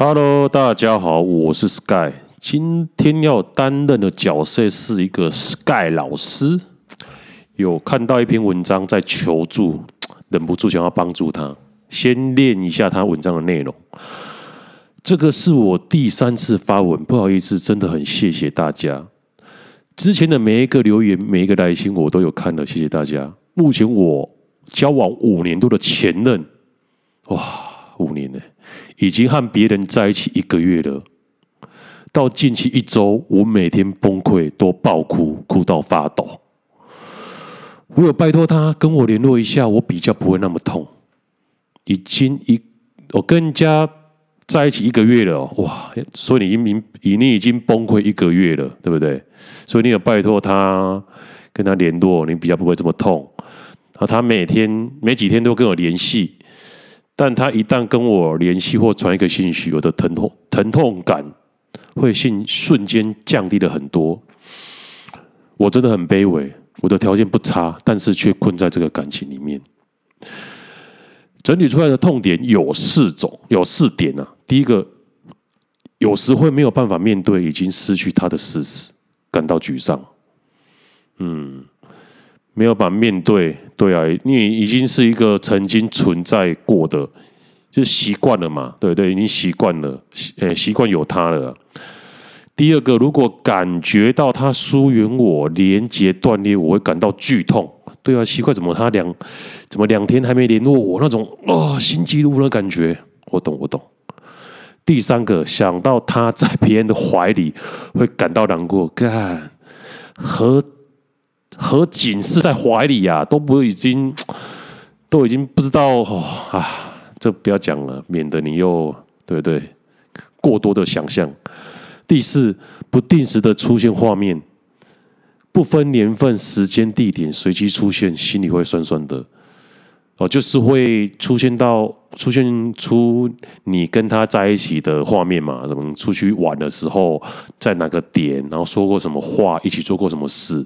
Hello，大家好，我是 Sky，今天要擔任的角色是一個 Sky 老師。有看到一篇文章在求助，忍不住想要幫助他，先念一下他文章的內容。這個是我第三次發文，不好意思，真的很謝謝大家。之前的每一個留言，每一個來信，我都有看了，謝謝大家。目前我交往五年多的前任，哇。五年了，已經和別人在一起一個月了。到近期一周，我每天崩潰，都爆哭，哭到發抖。我有拜托他跟我聯絡一下，我比較不會那麼痛。已經一，我跟人家在一起一個月了，哇！所以你已經你，你已經崩潰一個月了，對不對？所以你有拜托他跟他聯絡，你比較不會這麼痛。啊，他每天每幾天都跟我聯繫。但他一旦跟我聯繫或傳一個信息，我的疼痛疼痛感會瞬間降低了很多。我真的很卑微，我的條件不差，但是卻困在這個感情裡面。整理出來的痛點有四種，有四點啊。第一個，有時會沒有辦法面對已經失去他的事實，感到沮喪。嗯。沒有辦法面對，對啊，你已經是一個曾經存在過的，就習慣了嘛，對對，已經習慣了，呃，習慣有他了。第二個，如果感覺到他疏遠我，連接斷裂我，我會感到劇痛，對啊，奇怪，怎麼他兩怎麼兩天還沒聯絡我那種啊，心機路的感覺，我懂，我懂。第三個，想到他在別人的懷裡，會感到難過，乾和。和警示在懷裡呀、啊，都不會已經，都已經不知道啊，這不要講了，免得你又對不對？過多的想象。第四，不定時的出現畫面，不分年份、時間、地點，隨機出現，心裡會酸酸的。哦，就是會出現到出現出你跟他在一起的畫面嘛？怎麼出去玩的時候，在哪個點，然後說過什麼話，一起做過什麼事？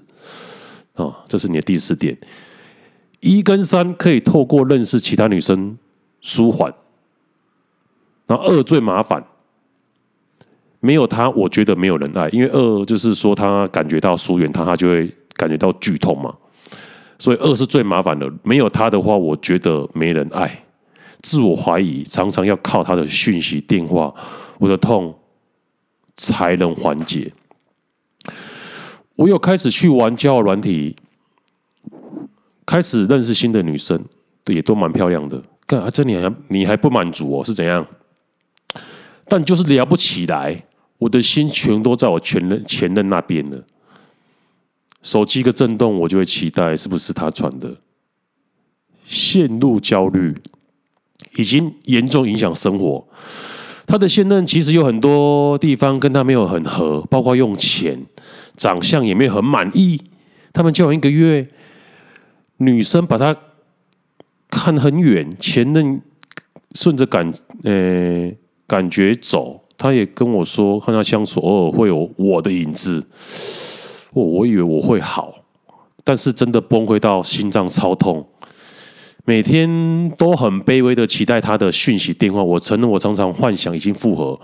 啊，這是你的第四點，一跟三可以透過認識其他女生舒緩，那二最麻煩，沒有她，我覺得沒有人愛，因為二就是說他感覺到疏遠他，她就會感覺到劇痛嘛，所以二是最麻煩的，沒有她的話，我覺得沒人愛，自我懷疑，常常要靠她的訊息電話，我的痛才能緩解。我有開始去玩交友軟體，開始認識新的女生，對，也都蠻漂亮的。幹啊，這你還你還不滿足哦？是怎樣？但就是聊不起來，我的心全都在我前任前任那邊了。手機一個震動，我就會期待是不是她傳的，陷入焦慮，已經嚴重影響生活。他的現任其實有很多地方跟他沒有很合，包括用錢、長相也沒有很滿意。他們交往一個月，女生把他看很遠，前任順着感呃、欸、感覺走。他也跟我說，和他相處偶爾會有我的影子。我、哦、我以為我會好，但是真的崩潰到心臟超痛。每天都很卑微的期待他的訊息電話。我承認，我常常幻想已經復合。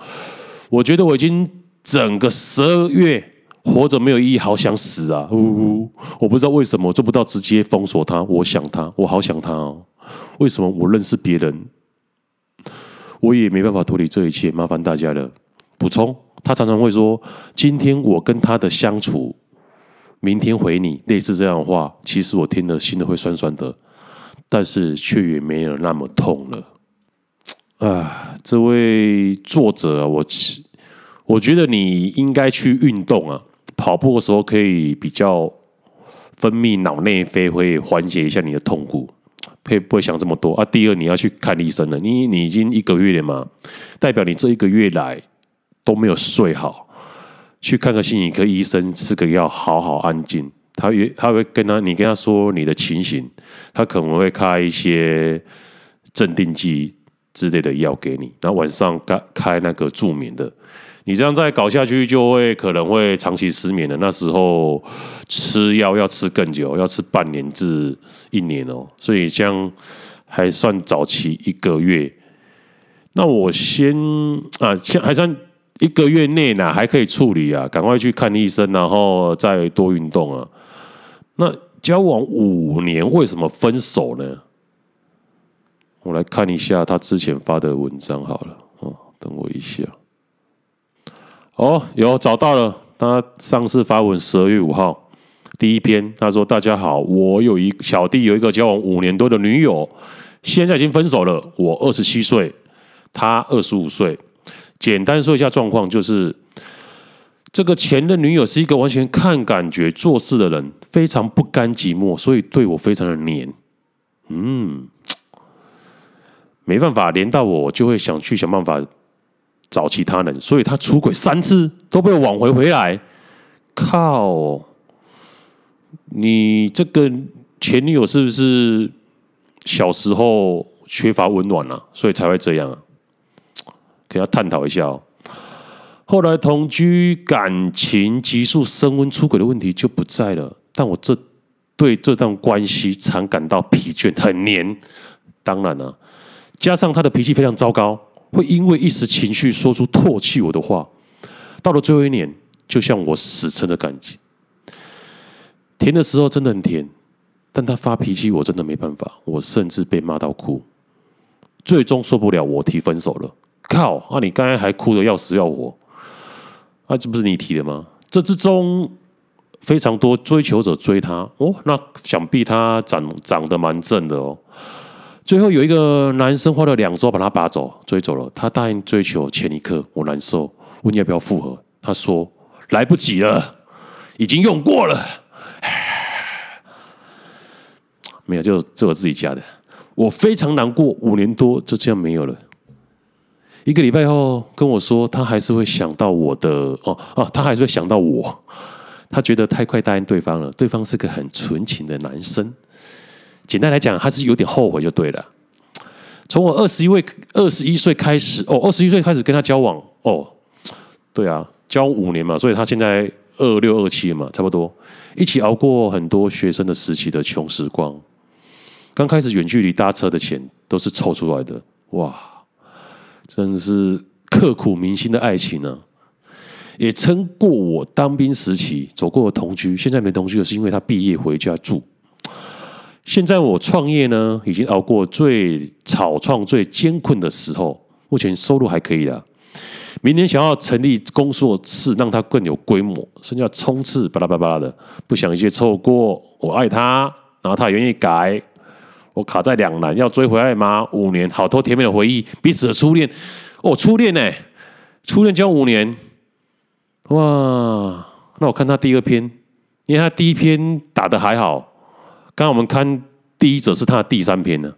我覺得我已經整個十二月活着沒有意義，好想死啊！嗚嗚！我不知道為什麼我做不到直接封鎖他。我想他，我好想他哦。為什麼我認識別人，我也沒辦法脫離這一切？麻煩大家了。補充，他常常會說：“今天我跟他的相處，明天回你。”類似這樣的話，其實我聽了心都會酸酸的。但是卻也沒有那麼痛了，啊！這位作者啊，我我覺得你應該去運動啊，跑步的時候可以比較分泌腦內啡，會緩解一下你的痛苦，會不會想這麼多啊？第二，你要去看醫生了，你你已經一個月了嘛，代表你這一個月來都沒有睡好，去看個心理科醫生吃個藥，好好安靜。他也他會跟他，你跟他說你的情形，他可能會開一些鎮定劑之類的藥給你，然後晚上開開那個助眠的。你這樣再搞下去，就會可能會長期失眠的。那時候吃藥要吃更久，要吃半年至一年哦、喔。所以這樣還算早期一個月。那我先啊，像還算一個月內呢，還可以處理啊，趕快去看醫生，然後再多運動啊。那交往五年為什麼分手呢？我來看一下他之前發的文章好了。啊，等我一下。哦，有找到了。他上次發文十二月五號，第一篇他說：“大家好，我有一個小弟，有一個交往五年多的女友，現在已經分手了。我二十七歲，他二十五歲。簡單說一下狀況，就是這個前任女友是一個完全看感覺做事的人。”非常不甘寂寞，所以對我非常的黏，嗯，沒辦法，黏到我就會想去想辦法找其他人，所以他出軌三次都被我挽回回來。靠，你這個前女友是不是小時候缺乏溫暖了、啊，所以才會這樣？可以要探討一下哦、喔。後來同居感情急速升溫，出軌的問題就不在了。但我這對這段關係常感到疲倦，很黏。當然了、啊，加上他的脾氣非常糟糕，會因為一時情緒說出唾棄我的話。到了最後一年，就像我死撐的感情，甜的時候真的很甜，但他發脾氣，我真的沒辦法，我甚至被罵到哭。最終受不了，我提分手了。靠啊！那你剛才還哭得要死要活，啊，這不是你提的嗎？這之中。非常多追求者追他哦，那想必他長長得蠻正的哦。最後有一個男生花了兩周把他拔走追走了，他答應追求前一刻我難受，問你要不要復合，他說來不及了，已經用過了。唉沒有，就就我自己家的。我非常難過，五年多就這樣沒有了。一個禮拜後跟我說，他還是會想到我的哦哦，啊，他還是會想到我。他覺得太快答應對方了，對方是個很純情的男生。簡單來講，他是有點後悔就對了。從我二十一、二十一歲開始，哦，二十一歲開始跟他交往，哦，對啊，交五年嘛，所以他現在二六二七嘛，差不多一起熬過很多學生的時期的窮時光。剛開始遠距離搭車的錢都是湊出來的，哇，真的是刻骨銘心的愛情呢，啊。也撐過我當兵時期，走過的同居。現在沒同居的是因為他畢業回家住。現在我創業呢，已經熬過最草創、最艱困的時候，目前收入還可以啦。明年想要成立工作室，讓他更有規模，甚至要衝刺巴拉巴拉的，不想一切錯過。我愛他，然後他也願意改，我卡在兩難，要追回來嗎？五年，好多甜蜜的回憶，彼此的初戀。哦，初戀呢，初戀交五年。哇，那我看他第二篇，因為他第一篇打得還好。剛剛我們看第一則是他的第三篇了，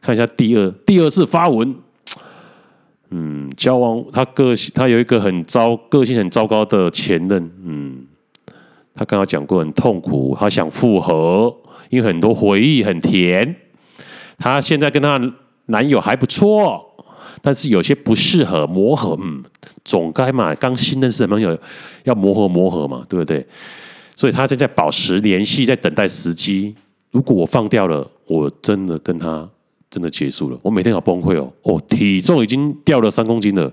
看一下第二、第二次發文。嗯，交往他個性，他有一個很糟個性很糟糕的前任。嗯，他剛剛講過很痛苦，他想復合，因為很多回憶很甜。他現在跟他的男友還不錯。但是有些不適合磨合，嗯，總該嘛，剛新認識的朋友要磨合磨合嘛，對不對？所以他正在保持聯繫，在等待時機。如果我放掉了，我真的跟他真的結束了。我每天好崩潰哦，哦，體重已經掉了三公斤了，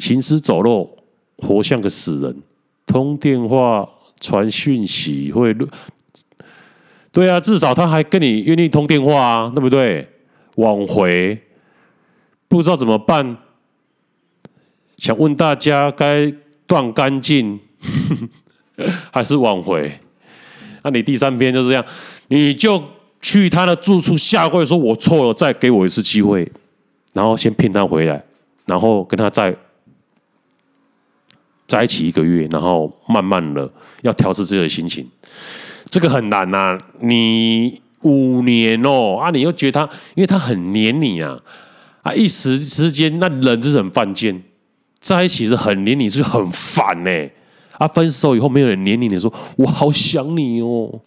行屍走肉，活像個死人。通電話、傳訊息會，對啊，至少他還跟你願意通電話啊，對不對？挽回。不知道怎麼辦，想問大家該斷乾淨呵呵還是挽回？那、啊、你第三篇就是這樣，你就去他的住處下跪，說我錯了，再給我一次機會，然後先騙他回來，然後跟他再在一起一個月，然後慢慢的要調適自己的心情，這個很難啊！你五年哦啊，你又覺得他，因為他很黏你啊。一時之間，那人就是很犯賤，在一起是很黏你，是很煩呢、欸。啊，分手以後沒有人黏你，你說我好想你哦。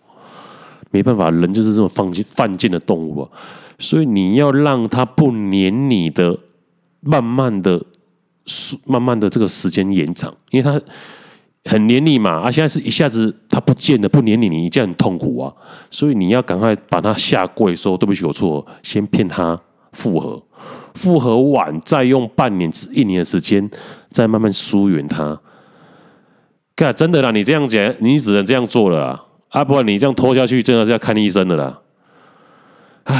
沒辦法，人就是這麼犯賤、犯賤的動物啊。所以你要讓他不黏你的，慢慢的、慢慢的這個時間延長，因為他很黏你嘛。啊，現在是一下子他不見了，不黏你，你，你這樣很痛苦啊。所以你要趕快把他下跪說對不起，我錯了，先騙他復合。復合完，再用半年至一年的時間，再慢慢疏遠他。看，真的啦，你這樣子，你只能這樣做了啊！啊不然，你這樣拖下去，真的是要看醫生的啦。唉，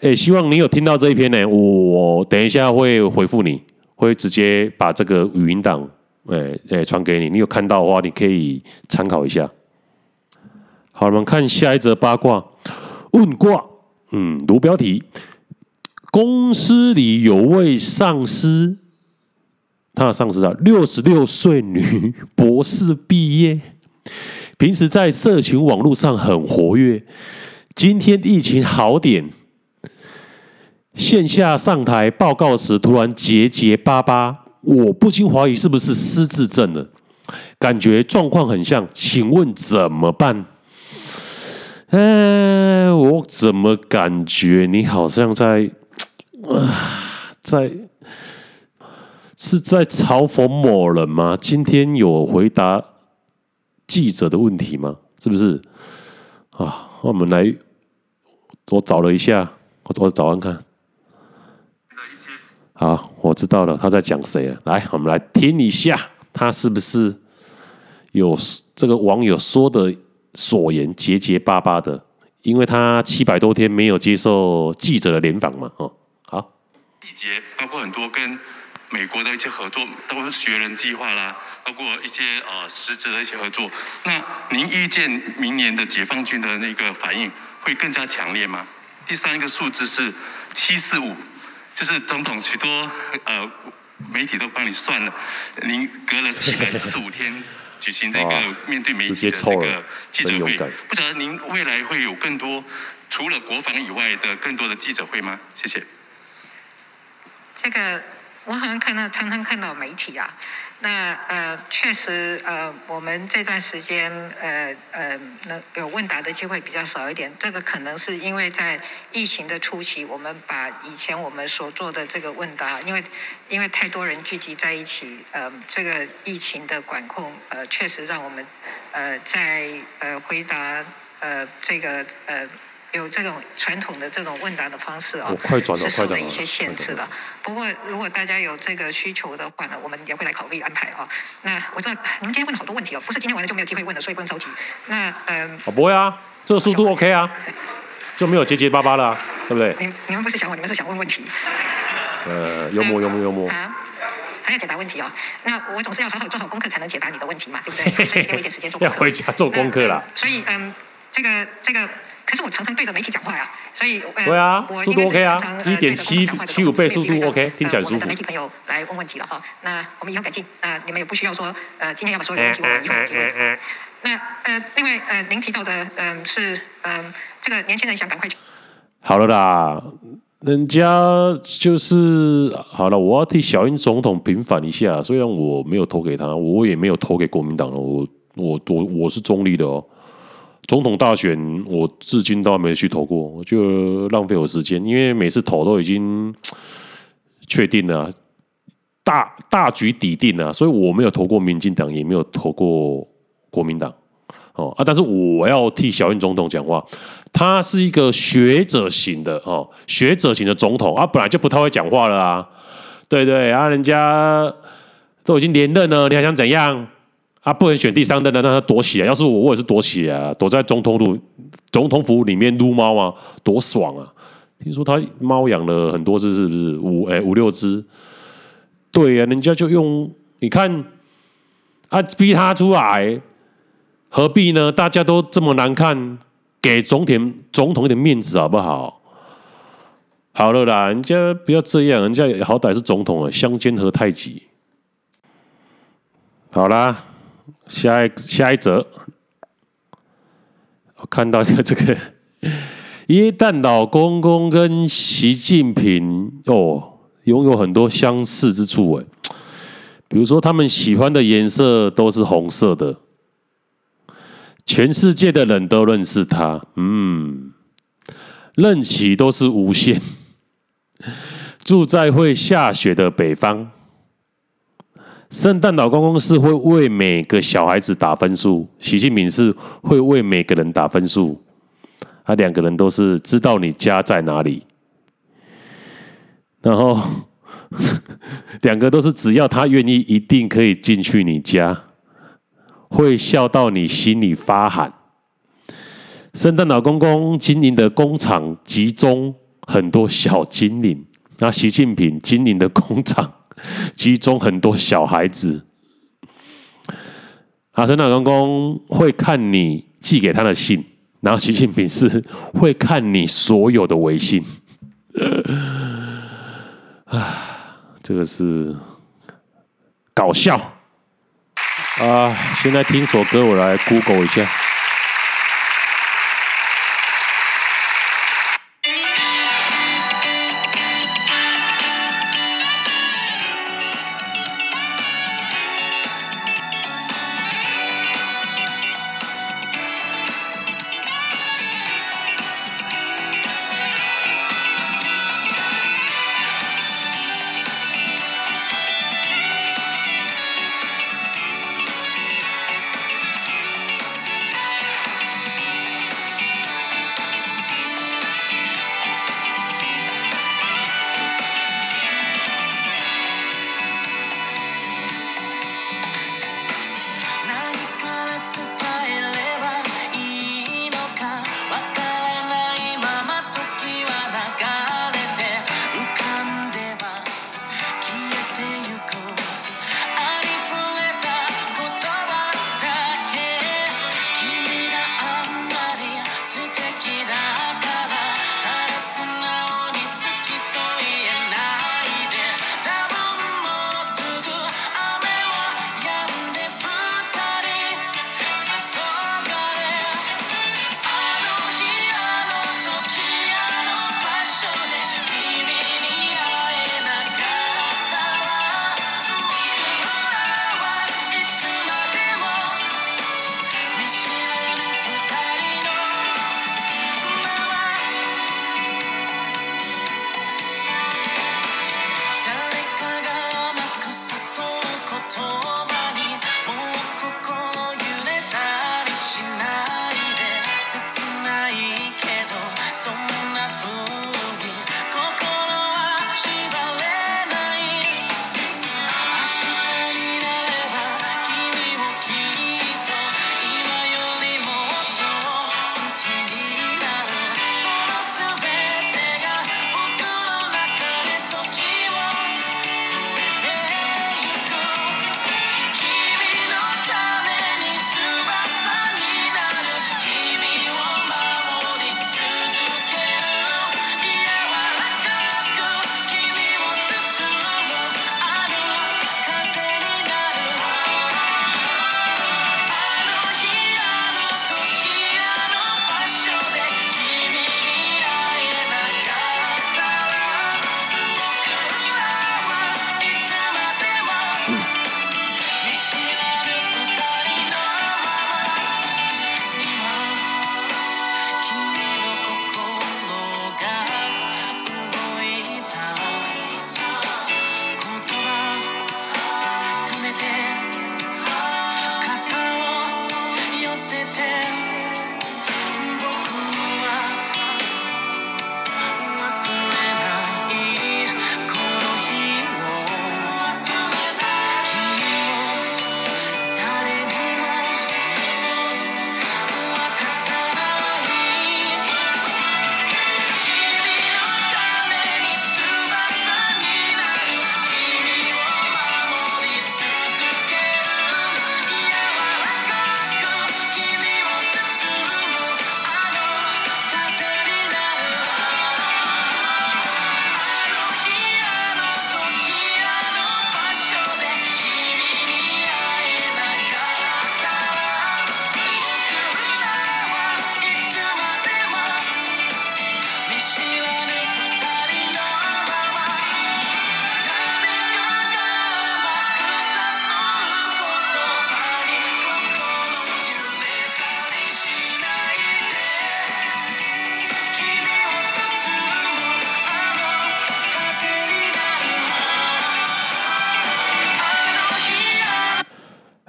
哎、欸，希望你有聽到這一篇呢、欸。我，等一下會回復你，會直接把這個語音檔，哎、欸，傳、欸、給你。你有看到的話，你可以參考一下。好，我們看下一則八卦，問卦，嗯，讀標題。公司裡有位上司，他的上司啊，六十六歲，女，博士畢業，平時在社群網絡上很活躍。今天疫情好點，線下上台報告時突然結結巴巴，我不禁懷疑是不是失智症了？感覺狀況很像，請問怎麼辦？嗯、欸，我怎麼感覺你好像在……啊，在是在嘲諷某人嗎？今天有回答記者的問題嗎？是不是？啊，我們來，我找了一下，我找我找看看，好，我知道了，他在講誰啊？來，我們來聽一下，他是不是有這個網友說的所言結結巴巴的？因為他七百多天沒有接受記者的聯訪嘛，哦。細節包括很多跟美國的一些合作，包括學人計劃啦，包括一些呃實質的一些合作。那您預見明年的解放軍的那個反應會更加強烈嗎？第三個數字是七四五，就是總統許多呃媒體都幫你算了，您隔了七百四十 五天舉行這個面對媒體的這個記者會， 不曉得您未來會有更多除了國防以外的更多的記者會嗎？謝謝。這個我好像看到，常常看到媒體啊。那呃，確實呃，我們這段時間呃呃，呃能有問答的機會比較少一點。這個可能是因為在疫情的初期，我們把以前我們所做的這個問答，因為因為太多人聚集在一起，呃，這個疫情的管控呃，確實讓我們呃在呃回答呃這個呃。有這種傳統的這種問答的方式哦，是、哦、什了，的一些限制的了，了？不過如果大家有這個需求的話呢，我們也會來考慮安排哈、哦，那我這，你們今天問了好多問題哦，不是今天問就沒有機會問了，所以不用着急。那嗯、哦，不會啊，這個速度 OK 啊，就沒有結結巴巴了、啊，對不對？你你們不是想我，你們是想問問題。 呃，幽默幽默幽默、嗯、啊，還要解答問題哦。那我總是要好好做好功課才能解答你的問題嘛，對不對？嘿嘿，所以給我一點時間做功。要回家做功課了、嗯嗯。所以嗯，這個這個。但是我常常對着媒體講話啊，所以、呃、對啊，速度 OK 啊，一點七七五倍速度 OK，、呃、聽起來舒服。呃、媒體朋友來問問題了哈，那我們以後改進啊、呃，你們也不需要說呃，今天要把所有問題，我們以後、嗯嗯嗯嗯、那呃，另外呃，您提到的嗯是嗯、呃，這個年輕人想趕快去。好了啦，人家就是好了，我要替小英總統平反一下，雖然我沒有投給他，我也沒有投給國民黨了，我我我我是中立的哦。總統大選，我至今都還沒去投過，我就浪費我時間，因為每次投都已經確定了，大大局底定了，所以我沒有投過民進黨，也沒有投過國民黨，哦啊，但是我要替小英總統講話，他是一個學者型的哦，學者型的總統啊，本來就不太會講話了啊，對對，對啊，人家都已經連任了，你還想怎樣？啊，不能選第三的，那他躲起來。要是我，我也是躲起來，躲在總統路、總統府裡面擼貓啊，多爽啊！聽說他貓養了很多隻，是不是？五哎、欸，五六隻。對呀、啊，人家就用你看啊，逼他出來，何必呢？大家都這麼難看，給總統總統一點面子好不好？好了啦，人家不要這樣，人家也好歹是總統啊，相煎何太急？好啦。下一下一則，我看到一個這個，耶誕老公公跟習近平哦，擁有很多相似之處哎，比如說他們喜歡的顏色都是紅色的，全世界的人都認識他，嗯，任期都是無限，住在會下雪的北方。聖誕老公公是會為每個小孩子打分數，習近平是會為每個人打分數。他兩個人都是知道你家在哪裡，然後兩個都是只要他願意，一定可以進去你家，會笑到你心裡發寒。聖誕老公公經營的工廠集中很多小精靈，那習近平經營的工廠。集中很多小孩子，阿、啊、聖誕老公公會看你寄給他的信，然後習近平是會看你所有的微信，啊，這個是搞笑啊！現在聽首歌，我來 Google 一下。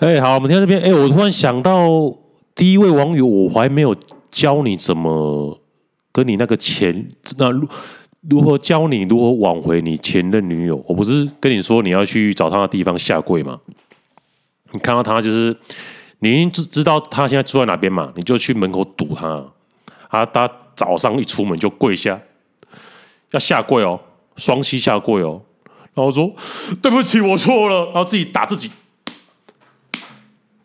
哎、hey，好，我們聽到這邊。哎、hey，我突然想到，第一位網友，我還沒有教你怎麼跟你那個前，那、啊、如如何教你如何挽回你前任女友。我不是跟你說你要去找他的地方下跪嗎？你看到他就是，你知知道他現在住在哪邊嘛？你就去門口堵他，他他早上一出門就跪下，要下跪哦，雙膝下跪哦，然後我說對不起，我錯了，然後自己打自己，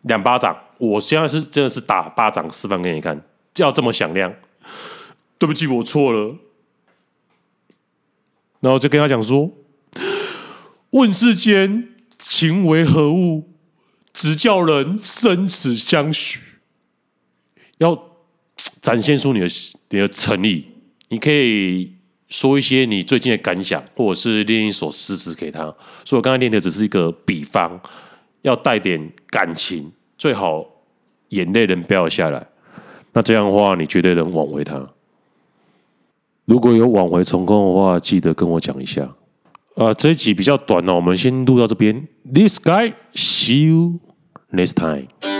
兩巴掌，我現在是真的是打巴掌示範給你看，就要這麼響亮。對不起，我錯了。然後我就跟他講說：“問世間情為何物，直教人生死相許。”要展現出你的你的誠意，你可以說一些你最近的感想，或者是念一首詩詞給他。所以我剛才念的只是一個比方。要帶點感情，最好眼淚能不要下來。那這樣的話，你絕對能挽回他。如果有挽回成功的話，記得跟我講一下。啊，這一集比較短哦、喔，我們先錄到這邊。This guy see you next time.